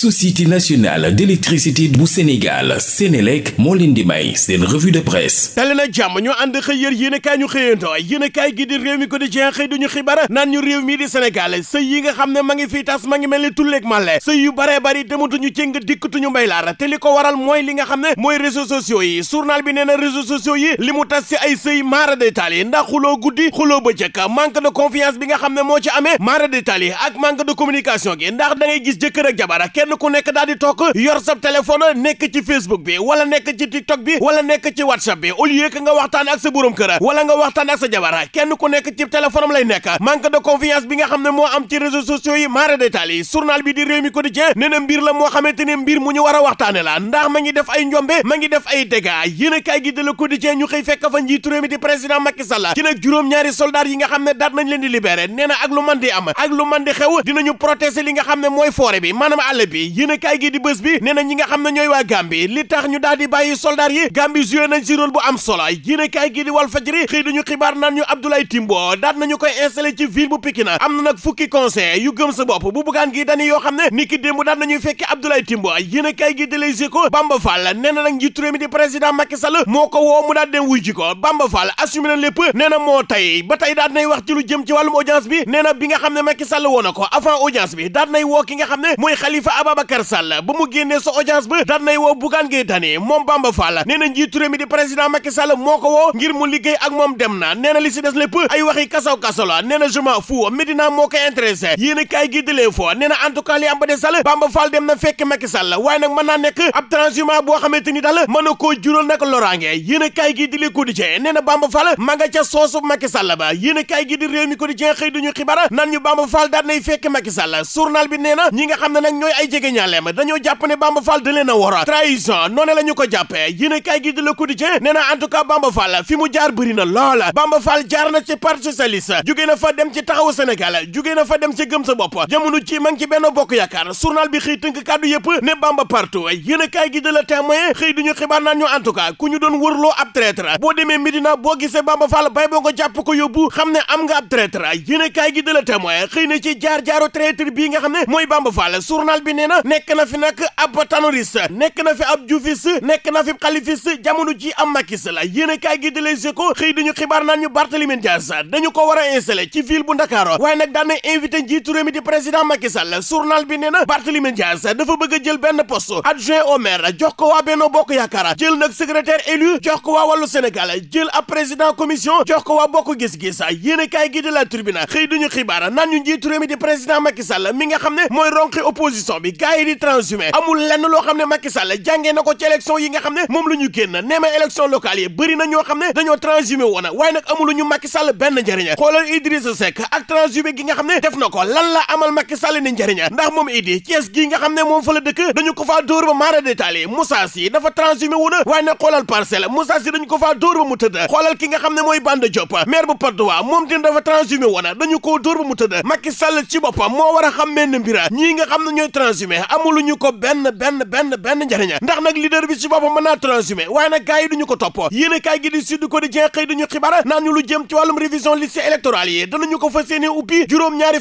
société nationale d'électricité bu Sénégal Sénélec moo leen di may seen revue de presse tali na jàmm ñu ànd xëy yër yéen a kaay ñu xëyantoo yéen a kaay gi di réew mi quotidien xëy duñu xibaar naan ñu réew mii di Sénégal sëy yi nga xam ne ma ngi fii tas ma ngi mel ni tulleeg màlle sëy yu baree bari dematuñu cëng dikkatuñu mbay laara te li ko waral mooy li nga xam ne mooy réseaux sociaux yi journal bi nee na réseaux sociaux yi li mu tas si ay sëy maara détaal yi ndax xuloo guddi xuloo bëccëg manque bi nga xam ne moo ci amee maara détaal yi ak ndax da ngay gis jëkkër ak kenn ku nekk daal di toog yor sa téléphone nekk ci Facebook bi wala nekk ci TikTok bi wala nekk ci WhatsApp bi au lieu nga waxtaan ak sa borom kër a wala nga waxtaan ak sa jabar kenn ku nekk ci téléphone am lay nekk manque de confiance bi nga xam ne moo am ci réseaux sociaux yi mara détail yi journal bi di réew mi quotidien nee na mbir la moo xamante ne mbir mu ñu war a waxtaane la ndax ma ngi def ay njombe ma ngi def ay dégâts yéen a kaay gi de la quotidien ñu xëy fekk fa njiitu réew mi di président Macky Sall ci nag juróom yi nga xam ne daat nañ leen di libéré ak lu man di am ak lu man di xew dinañu protéger li nga xam ne mooy forêt bi maanaam àll bi bi yéen a kaay gi di bés bi nee na ñi nga xam ne ñooy waa Gambie li tax ñu daal bàyyi soldaar yi Gambie joué nañ ci bu am solo yéen a kaay gi di Walf Fadjri xëy dañu xibaar naan ñu Abdoulaye Timbo daat nañu koy installé ci ville bu Pikine am na nag fukki conseil yu gëm sa bopp bu bugaan gi dañu yoo xam ne ni démb daat nañuy fekki Abdoulaye Timbo yéen a kaay gi di Les Échos Bamba Fall nee na nag njiitu réew mi di président Macky Sall moo ko woo mu daat dem ba tey daat nay wax ci lu jëm ci wàllum bi nee bi nga xam ne Macky Sall woo na ko Ababacar Sall ba mu génnee sa audience ba daan woo Bougane Gueye moom Bamba Fall nee na di président Macky moo ko woo ngir mu liggéey ak moom dem na nee na li ay waxi kasaw-kasaw la nee na je m'en moo ko intéressé yéen a kaay gi dalee foo nee Bamba Fall dem na fekk Macky Sall waaye nekk ab transhumant boo xamante ni daal mën na koo jural nag loraange yéen a kaay gi di Bamba Fall ma nga jege ñaale ma dañoo jàpp ne Bamba Fall da leen a wora trahison noonu ñu ko jàppee yéen kay gi di Le Quotidien nee na en tout cas Bamba Fall fi mu jaar bëri na Bamba Fall jaar na ci parti socialiste jugee na fa dem ci taxawu Sénégal jugee na fa dem ci gëm sa bopp ci ma ci benn bokk yaakaar journal bi xëy tënk kàddu yëpp ne Bamba partout yéen kay gi di Le Témoin xëy duñu xibaar naan ñu en ku ñu doon wërloo ab traître boo demee Médina boo gisee na nekk na fi nag ab tanuriste nekk na fi ab jufiste nekk na fi xalifiste jamono ji am makis la yéen a kaay gi di Les xibaar naan ñu Barthélémy Dias dañu ko war a ci ville bu Ndakaaru waaye nag daan invité njiitu réew mi di président Macky Sall journal bi nee na Barthélémy Dias dafa bëgg a jël benn poste adjoint au Bokk Yaakaar jël nag secrétaire élu jox président commission jox ko waa Bokk gis a kaay xëy duñu xibaar naan ñu njiitu réew mi di président Macky Sall mi nga xam ne mooy ronqi opposition bi kaay yi di amul lenn loo xam ne Macky Sall jàngee ko ci élection yi nga xam ne moom la ñu neema élection locale yi bëri ñoo xam ne dañoo transhumé woon waaye nag amul ñu Macky ne def ndax moom Idi Thiès gi nga xam ne moom fa dëkk dañu ko faa dóor ba maara détaal yi Moussa Sy dafa transhumé woon waaye nag xoolal parcelle Moussa Sy dañu ko faa dóor ba mu tëdd xoolal ki nga xam ne mooy Banda Diop maire bu Patte moom tin dafa transhumé ñu ko benn benn benn benn njariña ndax nag leader bi ci boppam mën naa transhumé waaye nag gars yi duñu ko toppo yéen a kaay gi di Sud Quotidien xëy ñu lu jëm ci wàllum révision liste électorale yi danañu ko fas yéene ubbi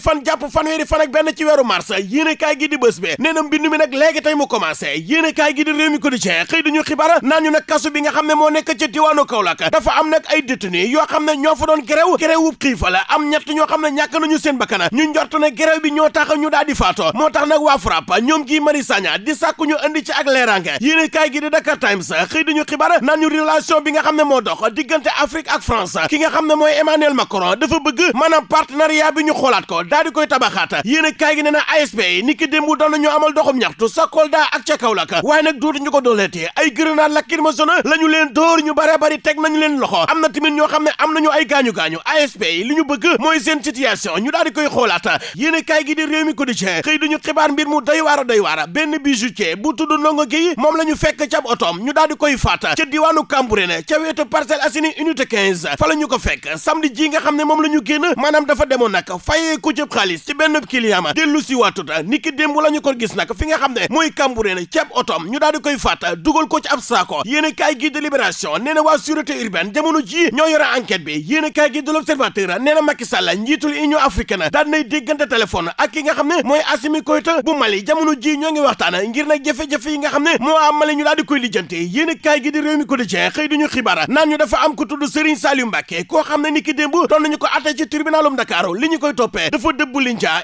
fan jàpp fanweeri fan ak benn ci weeru mars yéen a kaay gi di bés bi nee na mbind mi léegi tey mu commencé yéen a kaay gi di Rewmi Quotidien xëy duñu xibaar naan ñu nag kasu bi nga xam ne moo nekk ca diwaanu Kaolack dafa am nag ay détenu yoo xam ne ñoo fa doon gerew gerewu xiifa la am ñett ñoo xam ne ñàkk ñu seen bakkana ñu njort ne gerew bi ñoo tax ñu daal di faatoo moo tax nag waa FRAPP jàpp ñoom Guy Marius Sagna di sàkku ñu indi ci ak leeraange yéene kaay gi di Dakar Times xëy dañu xibaar naan ñu relation bi nga xam ne moo dox diggante Afrique ak France ki nga xam ne mooy Emmanuel Macron dafa bëgg maanaam partenariat bi ñu xoolaat ko daal di koy tabaxaat yéene kaay gi nee na ASP yi ni ki démb doon nañu amal doxum ñaxtu sa Kolda ak ca Kaolack waaye nag dootu ñu ko dooleeti ay grenade lacrymogène la ñu leen dóor ñu bare bari teg nañu leen loxo am na tamit ñoo xam am nañu ay gaañu-gaañu ASP bëgg mooy seen situation ñu daal di koy xoolaat yéene kaay gi di réew mi quotidien xëy duñu mu doy doy waar a doy waar benn bijoutier bu tudd ndongo gi moom la ñu fekk cab otoom ñu daal di koy faat ca diwaanu Cambérène ca wetu Parcelles Assainies unité 15 fa la ñu ko fekk samedi ji nga xam ne moom la ñu génn maanaam dafa demoon nag fayee ku cëb xaalis ci benn client ma dellu si waatut ni ki démb la ñu ko gis nak fi nga xam ne mooy Cambérène cab otoom ñu daal di koy faat dugal ko ci ab saako yéen kaay gi de Libération nee na waa sûreté urbaine jamono ji ñoo yore enquête bi yéen kaay gi de l'Observateur nee na Macky Sall njiitul Union africaine daan nay déggante téléphone ak ki nga xam ne mooy Assimi Goïta bu Mali jamono ji ñoo ngi waxtaana ngir nag jafe-jafe yi nga xam ne moo amale ñu daal di koy lijjante yéen kaay gi di réew mi quotidien xëy duñu xibaar naan ñu dafa am ku tudd Serigne Saliou Mbacké koo xam ne ni ki démb doon nañu ko atte ci tribunalum Dakar li ñu koy toppee dafa dëbb li njaa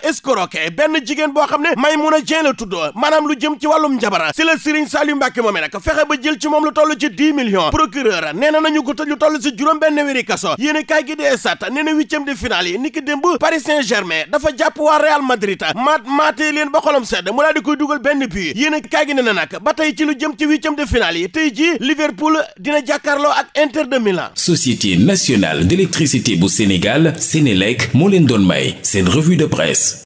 benn jigéen boo xam ne Maimouna Dieng la tudd maanaam lu jëm ci wàllum njabara si la Serigne Saliou Mbacké moomee nag fexe ba jël ci moom lu toll ci 10 millions procureur nee na nañu ko tëj lu toll si juróom benn wéri ba xolam mu daal di koy dugal benn bi yéen a kaay gi ne na nag ba tey ci lu jëm ci huitième de finale yi tey ji Liverpool dina jàkkaarloo ak Inter de Milan. Société nationale d'électricité bu Sénégal Sénélec moo leen doon may seen revue de presse.